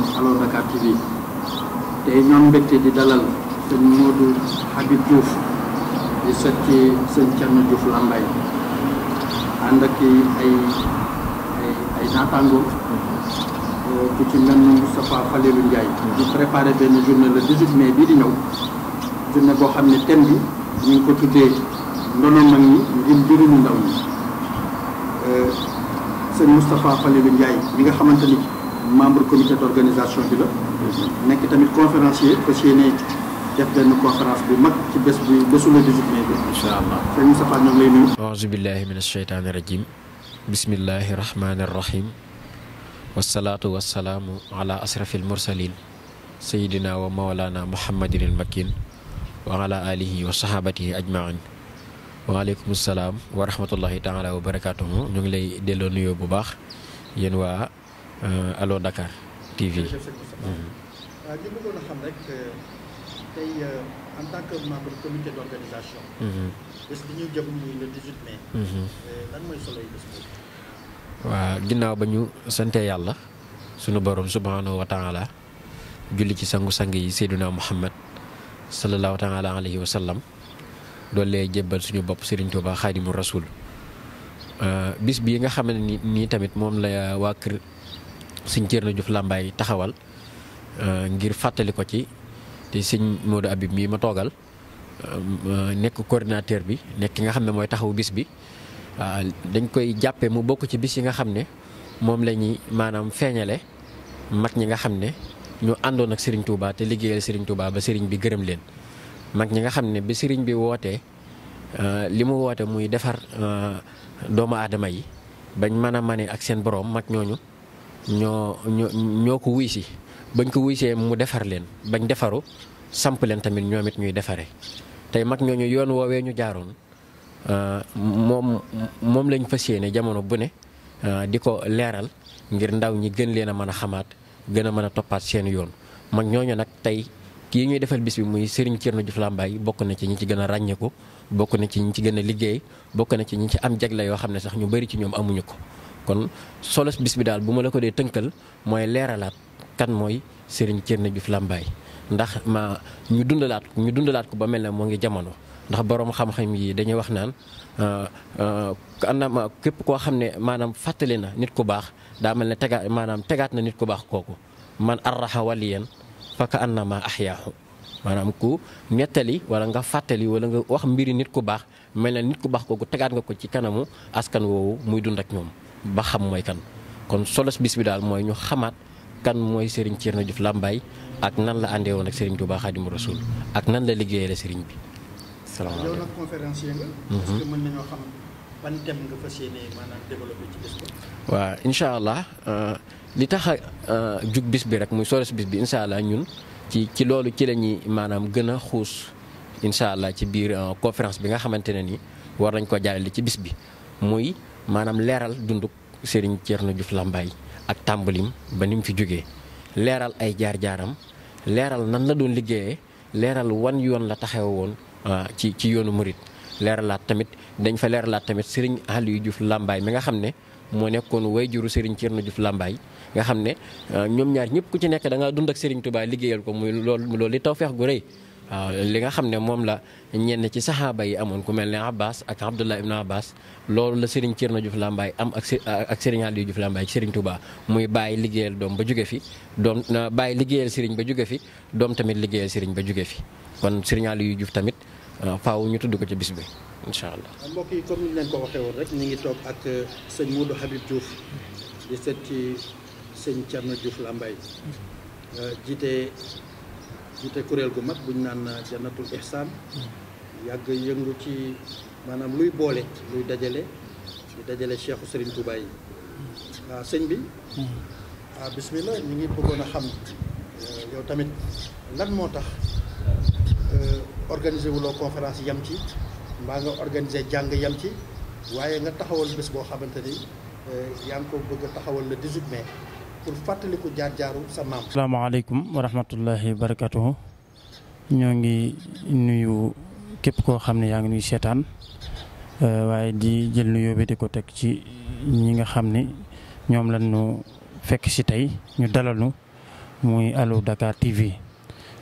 Allo Dakar TV tey ñoom mbégte di dalal sëñ Modou Habib Diouf di set ci sëñ Thierno Diouf Lambaye ànd ak ay ay ay naataango ku ci mel ni Moustapha Falilou Ndiaye préparé benn journée le 18 mai bii di ñëw journée boo xam ne thème bi ñu ngi ko tuddee ndono mag ñi ngir ndaw ñi euh, sëñ Moustapha Falilou Ndiaye mi nga xamante ni membre comité d' organisation bi la nekk tamit conférencier parce que ne def benn conférence bu mag ci bés bu bésu le 18 mai bi incha allah sëñ Moustapha ñoo ngi lay nuyu aouzu billahi min asheytaani rajim bismillahi rahmaani rahim wasalaatu wasalaamu ala asrafil mursalin sayidina wa mawlana muhammadin al makin wa ala alihi wa sahabatihi ajmain waaleykum salaam wa rahmatullahi taala wa barakaatuhu ñu ngi lay delloo nuyoo bu baax yéen waa Euh, Allo Dakar TV. Euh, euh, mhm. mhm. waaw ginnaaw ba ñu sante yàlla sunu borom subhaanahu wa taala julli ci sangu-sang yi Seydina Muhammad sallallahu taala alayhi wa sallam doole jébbal suñu bopp Serigne Touba Xaadimu Rasul bis bii nga xam ne nii tamit moom la waa kër. sëñ Thierno Diouf tahawal, taxawal euh, ngir fàttali ko ci te sëñ Modou Abib mii ma toogal euh, nekk coordinateur bi nekk ki nga xam ne taxaw bis bi dañ koy jàppee mu bokk ci bis yi nga xam ne moom la ñuy maanaam feeñale ñi nga xam ñu ak Serigne Touba te liggéeyal Serigne Touba ba Serigne bi gërëm leen mag ñi nga bi Serigne bi wootee euh, mu woote muy defar doomu adama yi bañ mën mane ak seen borom mak ñooñu. ñoo ñoo ñoo ko wuy si bañ ko wuy see mu defar leen bañ defaru samp leen tamit ñoom it ñuy defaree tey mag ñoo ñu yoon woowee ñu jaaroon ah, moom moom lañ fas yéene jamono bu ne ah, di ko leeral ngir ndaw ñi gën leen a mën a xamaat gën a mën a toppaat seen yoon mag ñooñu nag tey kii ñuy defal bis bi muy Serigne Thierno Diouf Lambaye bokk na ci ñi ci gën a ràññeeku bokk na ci ñi ci gën a liggéey bokk na ci ñi ci am jagle yoo xam ne sax ñu bari ci ñoom amuñu ko kon solos bis bi daal bu ma la ko dee tënkal mooy leeralaat kan mooy Serigne Thierno Diouf Lambaye ndax ma ñu dundalaat ñu dundalaat ko ba mel ne moo ngi jamono ndax borom xam-xam yi dañuy wax naan anam euh, euh, képp koo xam ne maanaam fàttali na nit ku baax daa mel ne tegaat maanaam tegaat na nit ku baax kooku man arraxa waliyan faka annama ahyaahu maanaam ku nettali wala nga fàttali wala nga wax mbiri nit ku baax mel na nit ku baax kooku tegaat nga ko ci kanamu askan woowu muy dund ak ñoom ba xam mooy kan kon solos bis bi daal mooy ñu xamaat kan mooy Serigne Thierno Diouf Lambaye ak nan la àndee woon ak Serigne Touba Khadim Rasoul ak nan la liggéeyee la Serigne bi. salaamaaleykum yow nag conférencier nga. parce mhm. que mën nañoo xam ban thème nga fas yéenee maanaam ci bés bi. waaw incha allah euh, li tax a euh, jug bis bi rek muy solos bis bi incha allah ñun ci ci loolu ci la ñuy maanaam gën a allah ci biir euh, conférence bi nga xamante ne ni war nañ ko jàllale ci bis bi muy. maanaam leeral dunduk Serigne na Diouf Lambaye ak tàmbalim ba ni mu fi jógee leeral ay jaar-jaaram leeral nan la doon liggéeye leeral wan yoon la taxaw woon ah, ci ci yoonu murit leeralaat tamit dañ fa leeralaat tamit Serigne Aliou Diouf Lambaye mi nga xam ne moo nekkoon way wayjuru Serigne Thierno Diouf Lambaye nga xam ne ah, ñoom ñaar ñëpp ku ci nekk da dund ak Serigne Touba liggéeyal ko muy loolu di taw feex gu rëy waaw li nga xam ne moom la ñenn ci saxaaba yi amoon ku mel ne Abbas ak Abdullah ibn Abbas loolu la Serigne Thierno Diouf Lambaye am ak ak Serigne Aliou Diouf Lambaye ci Serigne Touba muy bàyyi liggéeyal doom ba jóge fi doom bàyyi liggéeyal Serigne ba jóge fi doom tamit liggéeyal Serigne ba jóge fi kon Serigne Aliou Diouf tamit euh, faaw ñu tudd ko ci bis bi incha allah. mbokk yi comme leen ko waxee rek ñu ngi toog ak euh, sëñ Modou Habib Diouf di seet ci sëñ Thierno Diouf Lambaye euh, jiite kuréel gu mag bu ñu na euh, jannatul ihsaan hmm. yàgg yëngu ci maanaam luy boole luy dajale luy dajale cheikhu Serigne Touba yi waaw hmm. ah, sëñ bi waaw hmm. ah, bismillah ñu ngi bëggoon a xam euh, yow tamit lan moo tax euh, organiser wuloo conférence yam ci mbaa nga organiser jàng yam ci waaye nga taxawal bés boo xamante ni yaa ngi ko bëgg taxawal le 18 mai pour fàttaliku jaar-jaaru sa maam. ñoo ngi nuyu képp koo xam ne yaa ngi nuyu seetaan euh, waaye di jël nuyoo bi di ko teg ci ñi nga xam ne ñoom lañ nu fekk si tey ñu dalal ñu muy Allo Dakar TV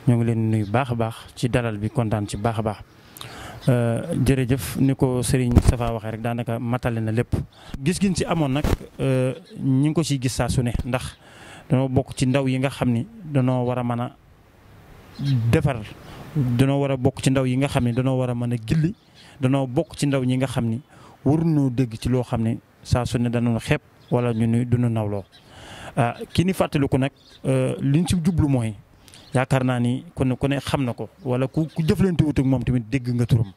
ñoo ngi leen nuyu baax a baax ci dalal bi kontaan ci baax a baax. Euh, jërëjëf ni ko Serigne Moustapha waxee rek daanaka matale na lépp. gis-gin si amoon nag euh, ñi ngi ko ciy gis saa ne ndax danoo bokk ci ndaw yi nga xam ni danoo war a mën a defar danoo war a bokk ci ndaw yi nga xam ni danoo war a mën a gilli danoo bokk ci ndaw ñi nga xam ni waruñoo dégg ci loo xam ni saa su ne danañu xeeb wala ñu nu duñu nawloo euh, ki ni fàttaliku nag liñ ci jublu mooy. yaakaar naa ni kon ne ku ne xam na ko wala ku ku jëflante wut moom tamit dégg nga turam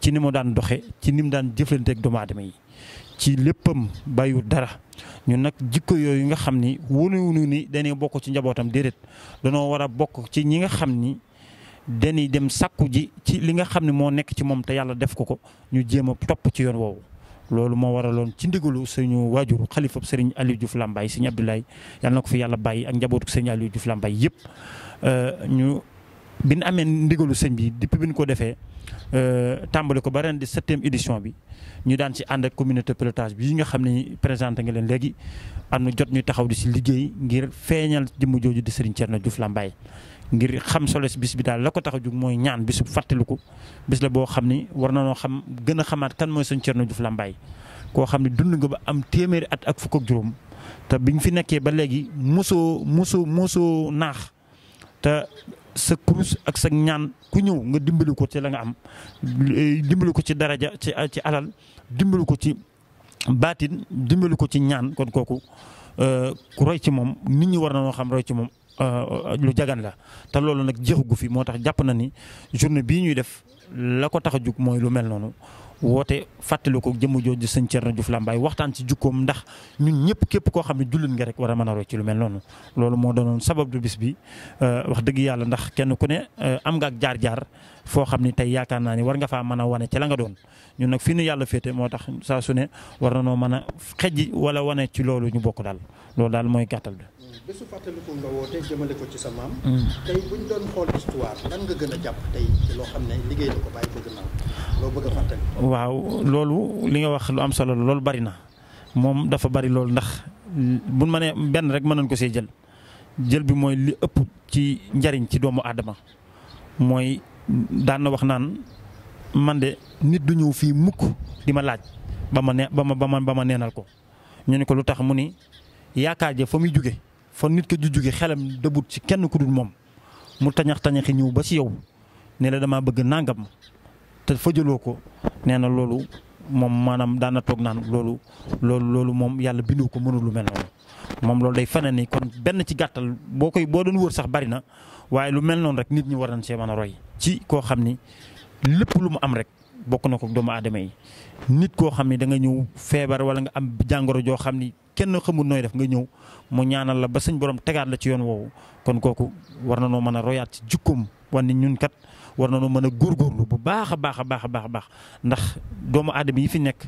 ci ni mu daan doxe ci ni mu daan jëflanteeg doomu aadama yi ci léppam bàyyiwul dara ñun nag jikko yooyu nga xam ni wóoluwunu ni dañuy bokk ci njabootam déedéet danoo war a bokk ci ñi nga xam ni dañuy dem sàkku ji ci li nga xam ne moo nekk ci moom te yàlla def ko ko ñu jéem a topp ci yoon woowu. loolu moo waraloon ci ndigalu suñu waajur xalifab sëriñ Aliou Diouf si sëriñ Abdoulaye yàlla na ko fi yàlla bàyyi ak njabootu sëriñ Aliou Diouf Lambaye yëpp euh, bi ñu amee ndigalu sëñ bi depuis bi nu ko defee euh, tàmbali ko ba ren di septième édition bi ñu daan si ànd ak communauté pilotage bi yi nga xam ne présenté nga leen léegi am na jot ñu taxaw di si liggéey ngir feeñal jëmm jooju di Serigne Thierno Diouf Lambaye ngir xam solo si bis bi daal la ko tax a jug mooy ñaan bisu fàttaliku bis la boo xam ni war na noo xam gën a xamaat kan mooy Serigne na Diouf Lambaye koo xam ne dund nga ba am téeméeri at ak fukk ak juróom te biñ fi nekkee ba léegi mosoo mosoo mosoo naax sa kurus ak sa ñaan ku ñëw nga dimbali ko ci la nga am eh, dimbali ko ci daraja ci ci alal dimbali ko ci baatin dimbali ko ci ñaan kon kooku eh, ku roy ci moom nit ñi war na noo xam roy ci moom eh, lu jagan la te loolu nag jeexu gu moo tax jàpp na ni journée bii ñuy def la ko tax a jug mooy lu mel noonu woote fàttali ko jëmm jooju sëñ Thierno Diouf Lambaye waxtaan si jukkoom ndax ñun ñëpp képp koo xam ne jullit nga rek war a mën a roy ci lu mel noonu. loolu moo doonoon sabab du bis bi euh, wax dëgg yàlla ndax kenn ku ne euh, am nga ak jaar-jaar. foo xam ni tey yaakaar naa ni war nga faa mën a wane ci la nga doon ñun nag fi nu yàlla féete moo tax saa su war na noo mën a xejj wala wane ci loolu ñu bokk daal loolu daal mooy gàttal bi. Mm. bésu fàttaliku nga woote jëmale ko ci sa mm. a a loo a fàttali. waaw loolu li nga wax lu am solo loolu bari na moom dafa bari loolu ndax bu ma nee benn rek mën nañ ko see jël jël bi mooy li ëpp ci njariñ ci doomu aadama mooy daan na wax naan man de nit du ñëw fii mukk di ma laaj ba ma ne ba ma ba ma neenal ko ñu ne ko lu tax mu ni yaakaar ja fa muy jóge fa nit ka ju jóge xelam dëbut ci kenn ku dul moom mu tañax tañaxi ñëw ba ci yow nee la damaa bëgg nàngam te fëjaloo ko nee na loolu moom maanaam daana toog naan loolu loolu loolu moom yàlla bindu ko mënul lu mel noonu moom loolu day fane ni kon benn ci gàttal boo koy boo doon wër sax bari na waaye lu mel noonu rek nit ñi war na see mën a roy ci koo xam ni lépp lu mu am rek bokk na ko doomu aadama yi nit koo xam ni da nga ñëw feebar wala nga am jàngoro joo xam ni kenn xamul nooy def nga ñëw mu ñaanal la ba suñ borom tegaat la ci yoon woowu kon kooku war na noo mën a royaat ci jukkoom wan ni ñun kat war na nañoo mën a góorgóorlu bu baax a baax a baax a baax ndax doomu aadama yi fi nekk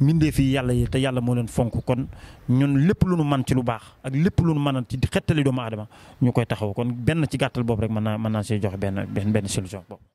mbindee fi yàlla yi te yàlla moo leen fonk kon ñun lépp lu nu man ci lu baax ak lépp lu nu mën ci xettali doomu aadama ñu koy taxaw kon benn ci gàttal boobu rek mën naa mën naa see jox benn benn benn solution boobu.